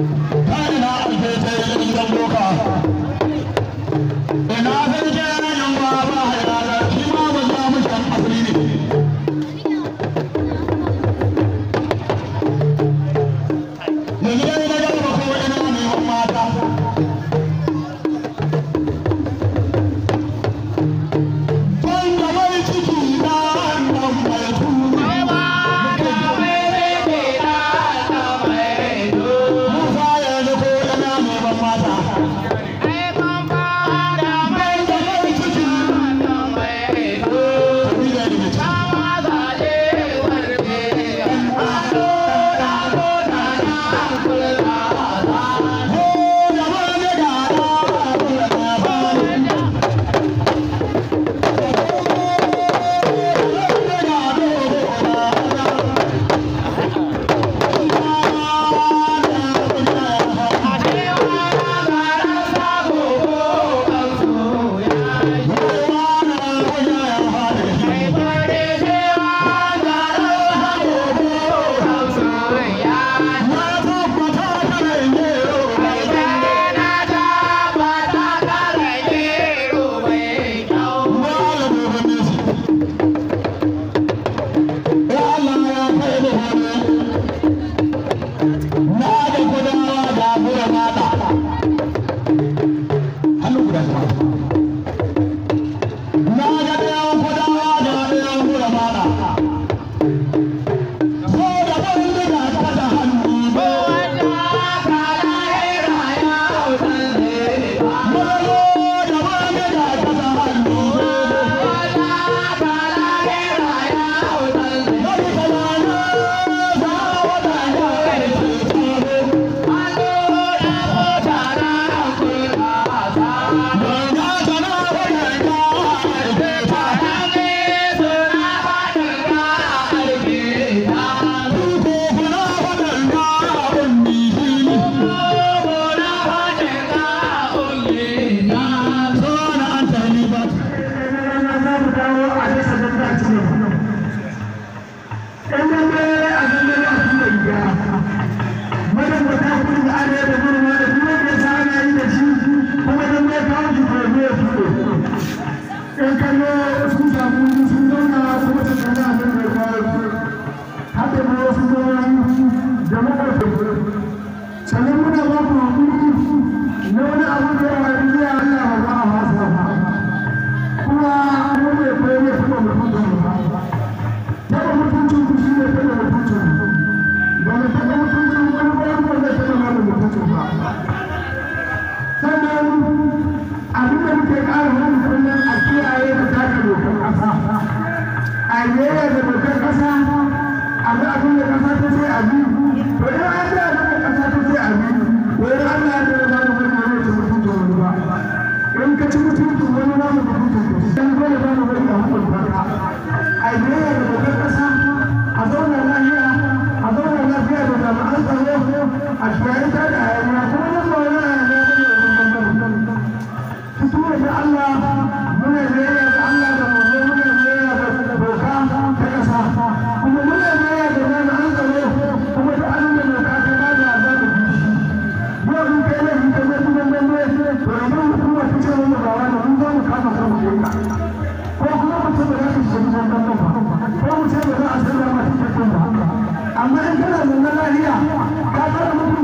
not alfetai wani abu da ya yi Allah ba a wasa ba kuma mu ne kai ne ba taɓa mutuncin ku shi ne a kiyaye da taka من الله